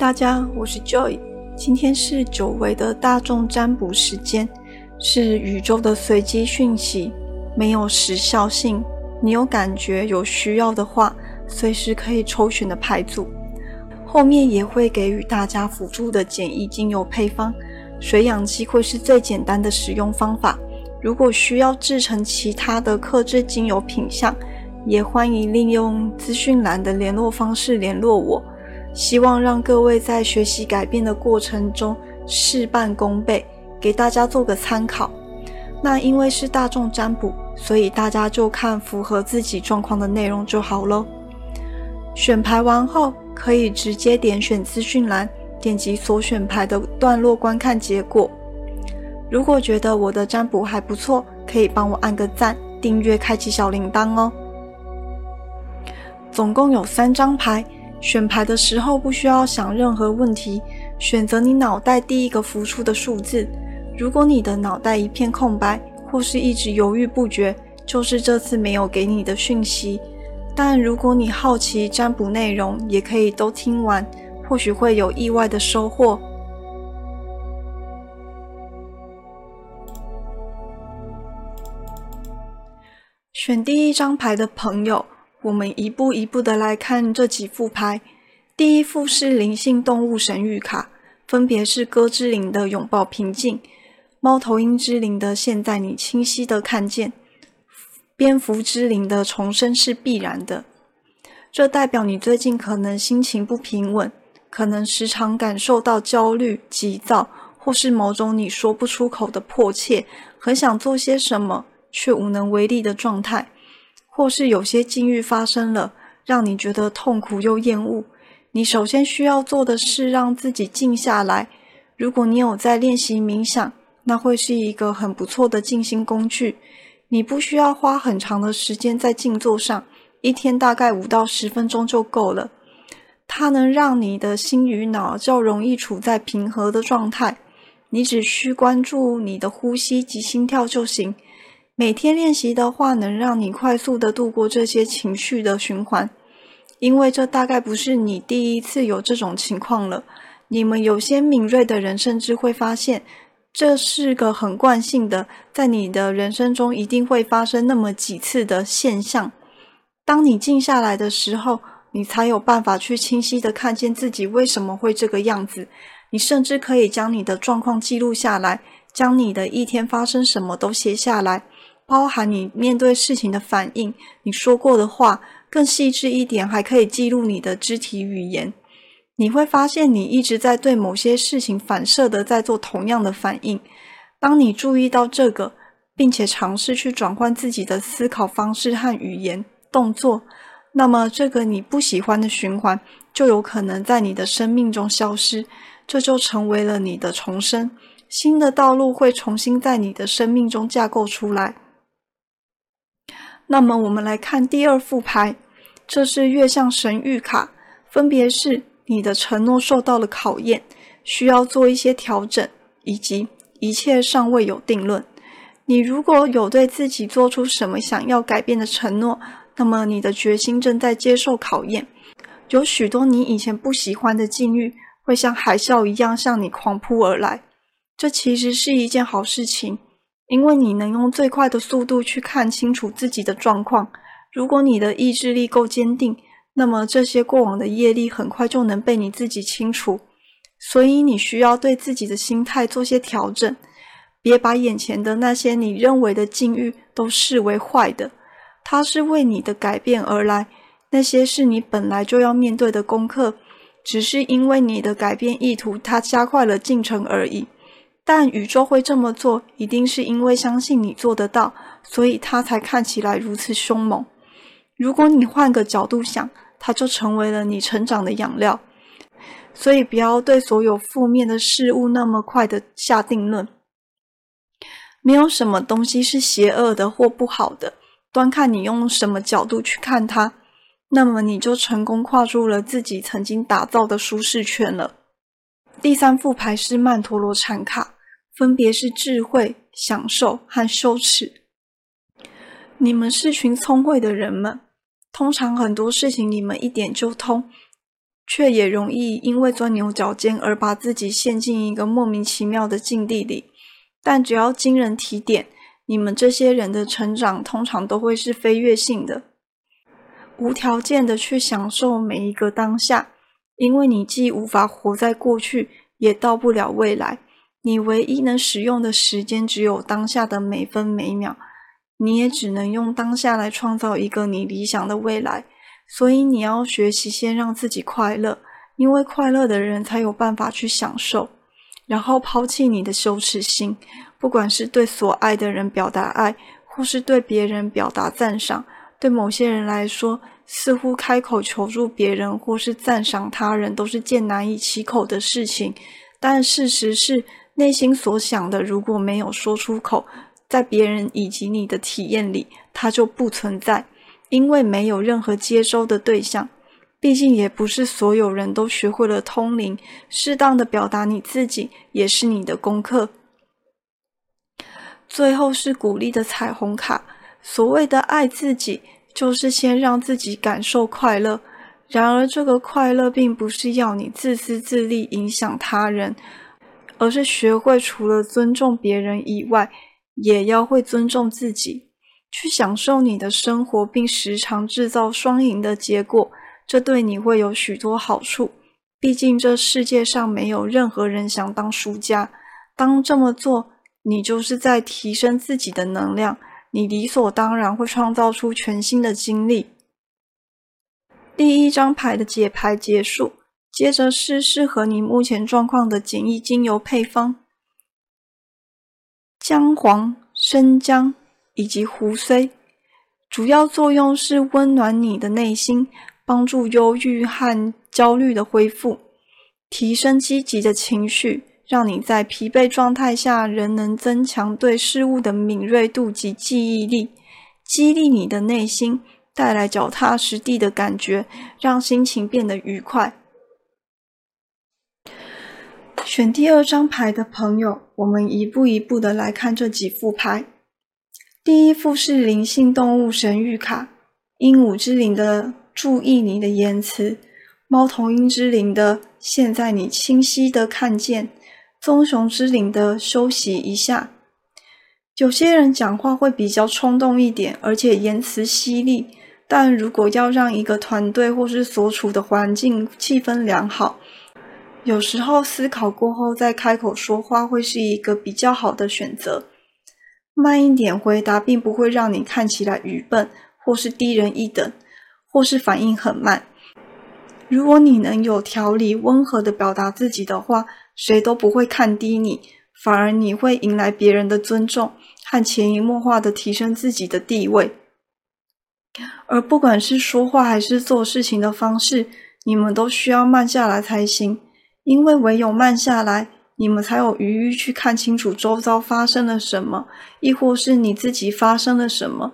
大家，我是 Joy。今天是久違的大眾占卜時間，是宇宙的隨機訊息，沒有時效性。你有感覺、有需要的話，隨時可以抽選的牌組。後面也會給予大家輔助的簡易精油配方，水氧機會是最簡單的使用方法。如果需要制成其他的客製精油品項，也歡迎利用資訊欄的聯絡方式聯絡我。希望讓各位在學習改變的過程中事半功倍，給大家做個參考。那因為是大眾占卜，所以大家就看符合自己狀況的內容就好咯。選牌完後，可以直接點選資訊欄，點擊所選牌的段落觀看結果。如果覺得我的占卜還不錯，可以幫我按個讚，訂閱開啟小鈴鐺哦。總共有三張牌。選牌的時候不需要想任何問題，選擇你腦袋第一個浮出的數字。如果你的腦袋一片空白，或是一直猶豫不決，就是這次沒有給你的訊息。但如果你好奇占卜內容，也可以都聽完，或許會有意外的收穫。選第一張牌的朋友。我們一步一步的來看這幾副牌。第一副是靈性動物神諭卡，分別是鴿之靈的擁抱平靜，貓頭鷹之靈的現在你清晰的看見，蝙蝠之靈的重生是必然的。這代表你最近可能心情不平穩，可能時常感受到焦慮、急躁，或是某種你說不出口的迫切，很想做些什麼卻無能為力的狀態。或是有些境遇發生了，讓你覺得痛苦又厭惡，你首先需要做的是，讓自己靜下來。如果你有在練習冥想，那會是一個很不錯的靜心工具。你不需要花很長的時間在靜坐上，一天大概五到十分鐘就夠了。它能讓你的心與腦較容易處在平和的狀態。你只需關注你的呼吸及心跳就行。每天練習的話，能讓你快速的度過這些情緒的循環，因為這大概不是你第一次有這種情況了。你們有些敏銳的人，甚至會發現這是個很慣性的，在你的人生中一定會發生那麼幾次的現象。當你靜下來的時候，你才有辦法去清晰的看見自己為什麼會這個樣子。你甚至可以將你的狀況記錄下來，將你的一天發生什麼都寫下來。包含你面對事情的反應，你說過的話，更細緻一點，還可以記錄你的肢體語言。你會發現你一直在對某些事情反射的在做同樣的反應。當你注意到這個，並且嘗試去轉換自己的思考方式和語言動作，那麼這個你不喜歡的循環就有可能在你的生命中消失，這就成為了你的重生，新的道路會重新在你的生命中架構出來。那麼我們來看第二副牌，這是月相神諭卡，分別是你的承諾受到了考驗，需要做一些調整，以及一切尚未有定論。你如果有對自己做出什麼想要改變的承諾，那麼你的決心正在接受考驗。有許多你以前不喜歡的境遇，會像海嘯一樣向你狂撲而來，這其實是一件好事情。因為你能用最快的速度去看清楚自己的狀況，如果你的意志力夠堅定，那麼這些過往的業力很快就能被你自己清除。所以你需要對自己的心態做些調整，別把眼前的那些你認為的境遇都視為壞的，它是為你的改變而來，那些是你本來就要面對的功課，只是因為你的改變意圖，它加快了進程而已。但宇宙會這麼做，一定是因為相信你做得到，所以他才看起來如此兇猛。如果你換個角度想，它就成為了你成長的養料。所以不要對所有負面的事物那麼快的下定論。沒有什麼東西是邪惡的或不好的，端看你用什麼角度去看它。那麼你就成功跨入了自己曾經打造的舒適圈了。第三副牌是曼陀羅禪卡。分別是智慧、享受和羞恥。你們是群聰慧的人們，通常很多事情你們一點就通，卻也容易因為鑽牛角尖而把自己陷進一個莫名其妙的境地裡。但只要經人提點，你們這些人的成長通常都會是飛躍性的。無條件的去享受每一個當下，因為你既無法活在過去，也到不了未來。你唯一能使用的時間只有當下的每分每秒，你也只能用當下來創造一個你理想的未來。所以你要學習先讓自己快樂，因為快樂的人才有辦法去享受。然後拋棄你的羞恥心，不管是對所愛的人表達愛，或是對別人表達讚賞。對某些人來說，似乎開口求助別人或是讚賞他人都是件難以啟口的事情。但事實是，內心所想的，如果沒有說出口，在別人以及你的體驗裡，它就不存在，因為沒有任何接收的對象。畢竟也不是所有人都學會了通靈，適當的表達你自己，也是你的功課。最後是鼓勵的彩虹卡。所謂的愛自己，就是先讓自己感受快樂。然而，這個快樂並不是要你自私自利，影響他人。而是學會除了尊重別人以外，也要會尊重自己，去享受你的生活，並時常制造雙贏的結果。這對你會有許多好處。畢竟這世界上沒有任何人想當輸家。當這麼做，你就是在提升自己的能量，你理所當然會創造出全新的經歷。第一張牌的解牌結束。接着是適合你目前狀況的簡易精油配方：薑黃、生薑以及胡荽，主要作用是溫暖你的內心，幫助憂鬱和焦慮的恢復，提升積極的情緒，讓你在疲憊狀態下仍能增強對事物的敏銳度及記憶力，激勵你的內心，帶來腳踏實地的感覺，讓心情變得愉快。選第二張牌的朋友，我們一步一步的來看這幾副牌。第一副是靈性動物神諭卡，鸚鵡之靈的注意你的言辭，貓頭鷹之靈的現在你清晰的看見，棕熊之靈的休息一下。有些人講話會比較衝動一點，而且言辭犀利，但如果要讓一個團隊或是所處的環境氣氛良好。有時候思考過後再開口說話會是一個比較好的選擇。慢一點回答，並不會讓你看起來愚笨，或是低人一等，或是反應很慢。如果你能有條理、溫和的表達自己的話，誰都不會看低你，反而你會迎來別人的尊重和潛移默化的提升自己的地位。而不管是說話還是做事情的方式，你們都需要慢下來才行。因為唯有慢下來，你們才有餘裕去看清楚周遭發生了什麼，亦或是你自己發生了什麼。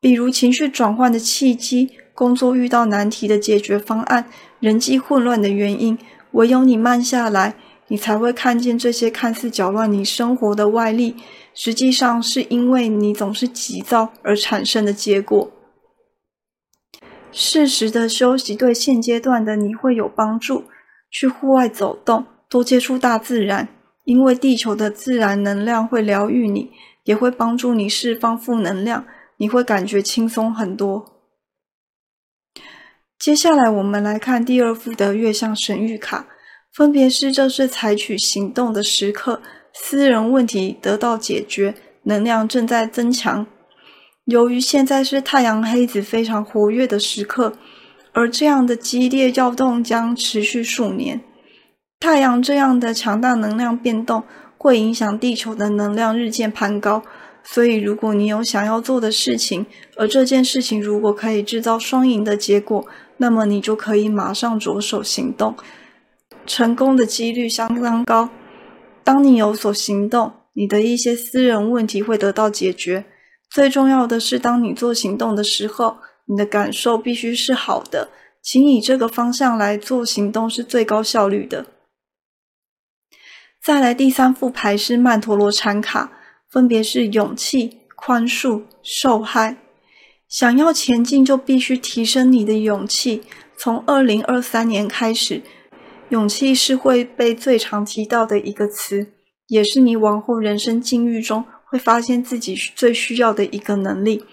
比如情緒轉換的契機，工作遇到難題的解決方案，人際混亂的原因。唯有你慢下來，你才會看見這些看似攪亂你生活的外力，實際上是因為你總是急躁而產生的結果。適時的休息對現階段的你會有幫助。去戶外走動，多接觸大自然，因為地球的自然能量會療癒你，也會幫助你釋放負能量，你會感覺輕鬆很多。接下來我們來看第二幅的月相神諭卡，分別是：這是採取行動的時刻，私人問題得到解決，能量正在增強。由於現在是太陽黑子非常活躍的時刻。而這樣的激烈調動將持續數年，太陽這樣的強大能量變動會影響地球的能量日漸攀高。所以，如果你有想要做的事情，而這件事情如果可以制造雙贏的結果，那麼你就可以馬上着手行動，成功的幾率相當高。當你有所行動，你的一些私人問題會得到解決。最重要的是，當你做行動的時候。你的感受必須是好的，請以這個方向來做行動，是最高效率的。再來第三副牌是曼陀羅禪卡，分別是勇氣、寬恕、受害。想要前進，就必須提升你的勇氣。從二零二三年開始，勇氣是會被最常提到的一個詞，也是你往後人生境遇中會發現自己最需要的一個能力。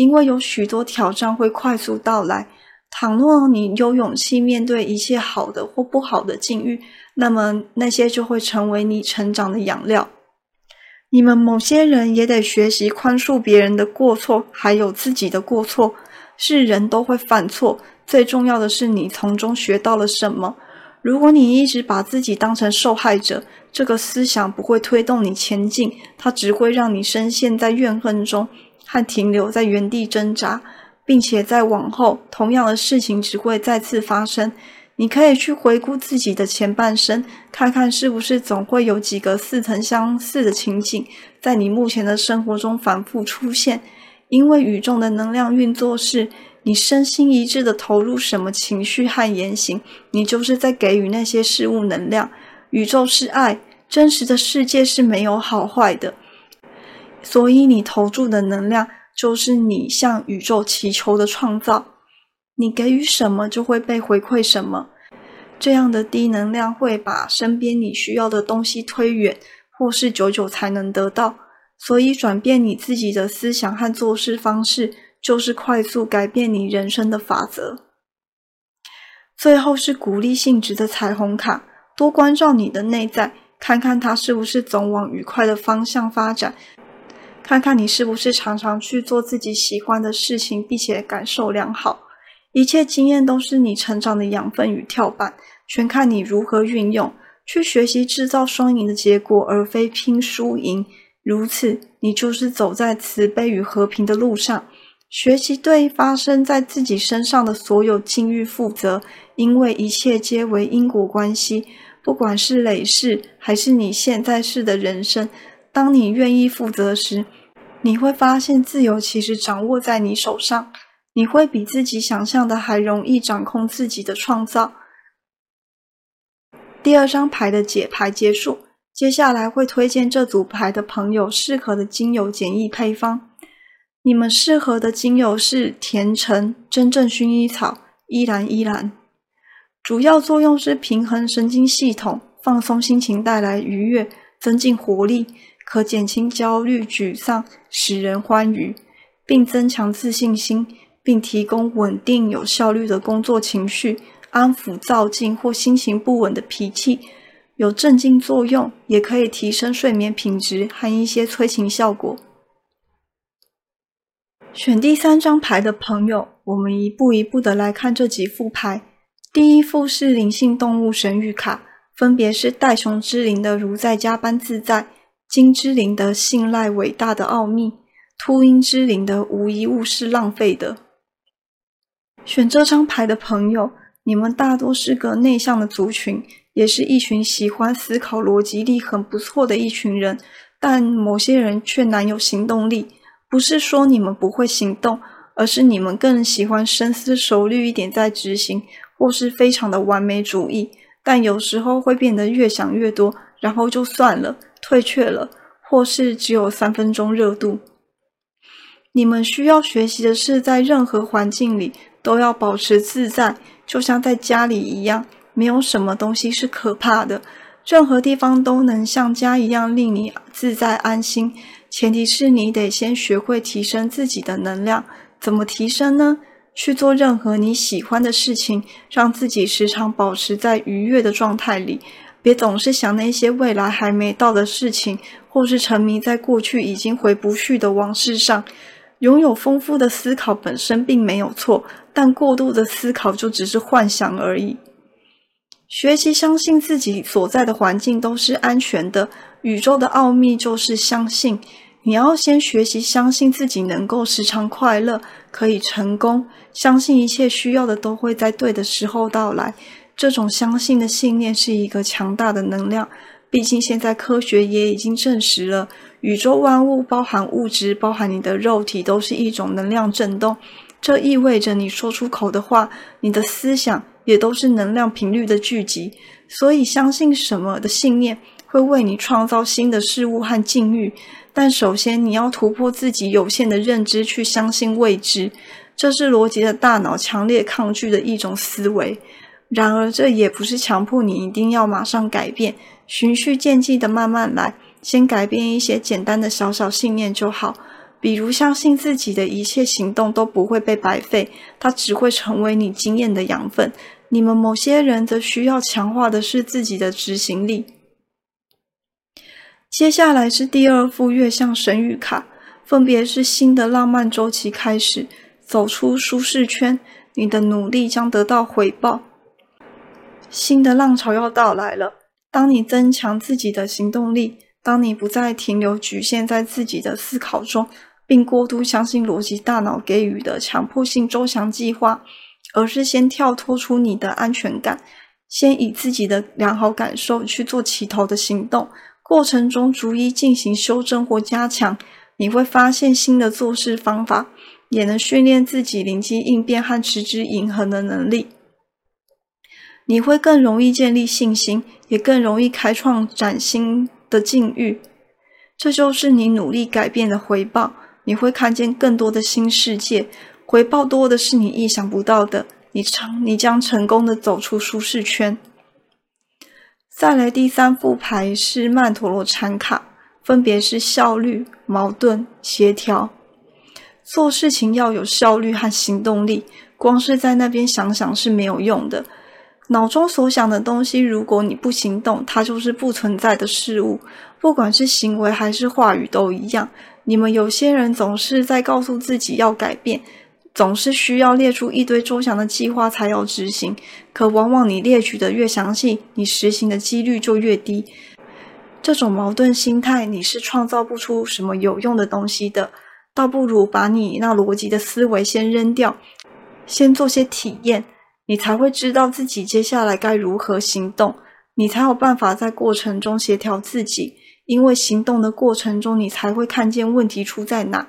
因為有許多挑戰會快速到來，倘若你有勇氣面對一切好的或不好的境遇，那麼那些就會成為你成長的養料。你們某些人也得學習寬恕別人的過錯，還有自己的過錯。是人都會犯錯，最重要的是你從中學到了什麼。如果你一直把自己當成受害者，這個思想不會推動你前進，它只會讓你深陷在怨恨中。還停留在原地掙扎，並且在往後同樣的事情只會再次發生。你可以去回顧自己的前半生，看看是不是總會有幾個似曾相似的情景在你目前的生活中反覆出現，因為宇宙的能量運作是你身心一致的投入什麼情緒和言行，你就是在給予那些事物能量。宇宙是愛，真實的世界是沒有好壞的。所以，你投注的能量就是你向宇宙祈求的創造。你給予什麼，就會被回饋什麼。這樣的低能量會把身邊你需要的東西推遠，或是久久才能得到。所以，轉變你自己的思想和做事方式，就是快速改變你人生的法則。最後是鼓勵性質的彩虹卡，多關照你的內在，看看它是不是總往愉快的方向發展。看看你是不是常常去做自己喜歡的事情，並且感受良好。一切經驗都是你成長的養分與跳板，全看你如何運用。去學習製造雙贏的結果，而非拼輸贏。如此，你就是走在慈悲與和平的路上。學習對發生在自己身上的所有境遇負責，因為一切皆為因果關係。不管是累世還是你現在世的人生，當你願意負責時，你會發現自由其實掌握在你手上，你會比自己想象的還容易掌控自己的創造。第二張牌的解牌結束，接下來會推薦這組牌的朋友適合的精油簡易配方。你們適合的精油是甜橙、真正薰衣草、依蘭依蘭，主要作用是平衡神經系統、放鬆心情、帶來愉悅、增進活力。可減輕焦慮、沮喪，使人歡愉，並增強自信心，並提供穩定、有效率的工作情緒，安撫躁進或心情不穩的脾氣，有鎮靜作用，也可以提升睡眠品質和一些催情效果。選第三張牌的朋友，我們一步一步的來看這幾副牌。第一副是靈性動物神諭卡，分別是袋熊之靈的如在家般自在，金之靈的信賴，偉大的奧秘；禿鷹之靈的無一物是浪費的。選這張牌的朋友，你們大多是個內向的族群，也是一群喜歡思考、邏輯力很不錯的一群人。但某些人卻難有行動力。不是說你們不會行動，而是你們更喜歡深思熟慮一點再執行，或是非常的完美主義。但有時候會變得越想越多，然後就算了。退卻了，或是只有三分鐘熱度。你們需要學習的是，在任何環境裡都要保持自在，就像在家裡一樣，沒有什麼東西是可怕的。任何地方都能像家一樣令你自在安心，前提是你得先學會提升自己的能量。怎麼提升呢？去做任何你喜歡的事情，讓自己時常保持在愉悅的狀態裡。別總是想那些未來還沒到的事情，或是沉迷在過去已經回不去的往事上。擁有豐富的思考本身並沒有錯，但過度的思考就只是幻想而已。學習相信自己所在的環境都是安全的，宇宙的奧秘就是相信。你要先學習相信自己能夠時常快樂，可以成功，相信一切需要的都會在對的時候到來。這種相信的信念是一個強大的能量。畢竟，現在科學也已經證實了，宇宙萬物包含物質，包含你的肉體，都是一種能量振動。這意味着，你說出口的話，你的思想也都是能量頻率的聚集。所以，相信什麼的信念會為你創造新的事物和境遇。但首先，你要突破自己有限的認知，去相信未知。這是邏輯的大腦強烈抗拒的一種思維。然而，這也不是強迫你一定要馬上改變，循序漸進的慢慢來，先改變一些簡單的小小信念就好。比如，相信自己的一切行動都不會被白費，它只會成為你經驗的養分。你們某些人則需要強化的是自己的執行力。接下來是第二副月相神諭卡，分別是新的浪漫週期開始，走出舒適圈，你的努力將得到回報。新的浪潮要到來了。當你增強自己的行動力，當你不再停留局限在自己的思考中，並過度相信邏輯大腦給予的強迫性周詳計劃，而是先跳脫出你的安全感，先以自己的良好感受去做起頭的行動，過程中逐一進行修正或加強，你會發現新的做事方法，也能訓練自己靈機應變和持之以恆的能力。你會更容易建立信心，也更容易開創嶄新的境遇。這就是你努力改變的回報。你會看見更多的新世界，回報多的是你意想不到的。你成，你將成功的走出舒適圈。再來，第三副牌是曼陀羅禪卡，分別是效率、矛盾、協調。做事情要有效率和行動力，光是在那邊想想是沒有用的。腦中所想的東西，如果你不行動，它就是不存在的事物。不管是行為還是話語，都一樣。你們有些人總是在告訴自己要改變，總是需要列出一堆周詳的計劃才要執行。可往往你列舉的越詳細，你實行的幾率就越低。這種矛盾心態，你是創造不出什麼有用的東西的。倒不如把你那邏輯的思維先扔掉，先做些體驗。你才會知道自己接下來該如何行動，你才有辦法在過程中協調自己，因為行動的過程中你才會看見問題出在哪。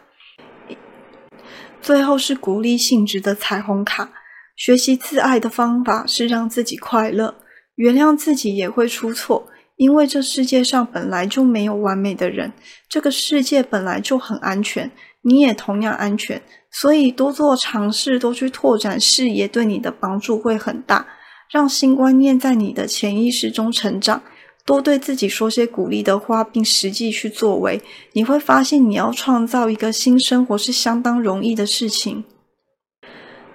最後是鼓勵性質的彩虹卡，學習自愛的方法是讓自己快樂，原諒自己也會出錯，因為這世界上本來就沒有完美的人，這個世界本來就很安全。你也同樣安全，所以多做嘗試，多去拓展視野，對你的幫助會很大。讓新觀念在你的潛意識中成長，多對自己說些鼓勵的話，並實際去作為，你會發現你要創造一個新生活是相當容易的事情。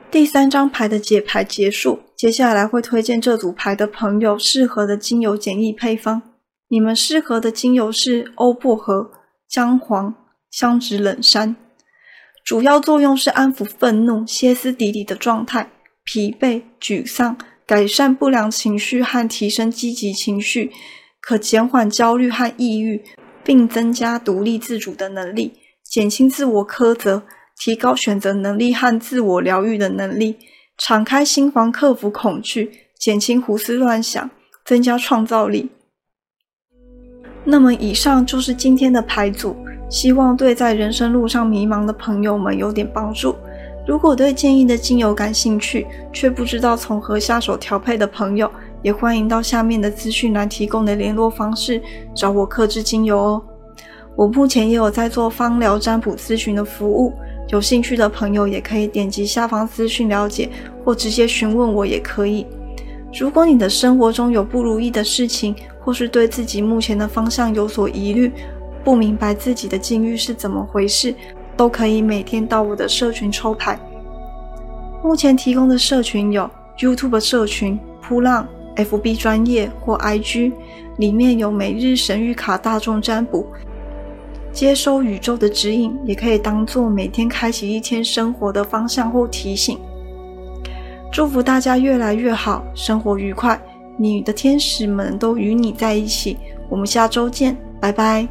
第三張牌的解牌結束，接下來會推薦這組牌的朋友適合的精油簡易配方。你們適合的精油是歐薄荷、薑黃。香脂冷杉主要作用是安撫憤怒、歇斯底里的狀態、疲憊、沮喪，改善不良情緒和提升積極情緒，可減緩焦慮和抑鬱，並增加獨立自主的能力，減輕自我苛責，提高選擇能力和自我療癒的能力，敞開心房，克服恐懼，減輕胡思亂想，增加創造力。那麼，以上就是今天的牌組。希望對在人生路上迷茫的朋友們有點幫助。如果對建議的精油感興趣，卻不知道從何下手調配的朋友，也歡迎到下面的資訊欄提供的聯絡方式找我客製精油哦。我目前也有在做芳療占卜諮詢的服務，有興趣的朋友也可以點擊下方資訊了解，或直接詢問我也可以。如果你的生活中有不如意的事情，或是對自己目前的方向有所疑慮。不明白自己的境遇是怎麼回事，都可以每天到我的社群抽牌。目前提供的社群有 YouTube 社群、噗浪、FB 專頁或 IG，裡面有每日神諭卡、大眾占卜，接收宇宙的指引，也可以當做每天開啟一天生活的方向或提醒。祝福大家越來越好，生活愉快，你的天使們都與你在一起。我們下週見，拜拜。